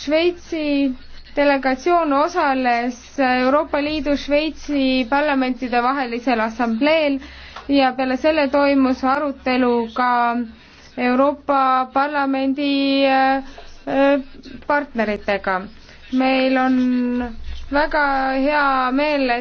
Šveitsi delegatsioon osales Euroopa Liidu Šveitsi parlamentide vahelisel assambleel ja peale selle toimus arutelu ka Euroopa Parlamendi äh, partneritega. meil on väga hea meel, et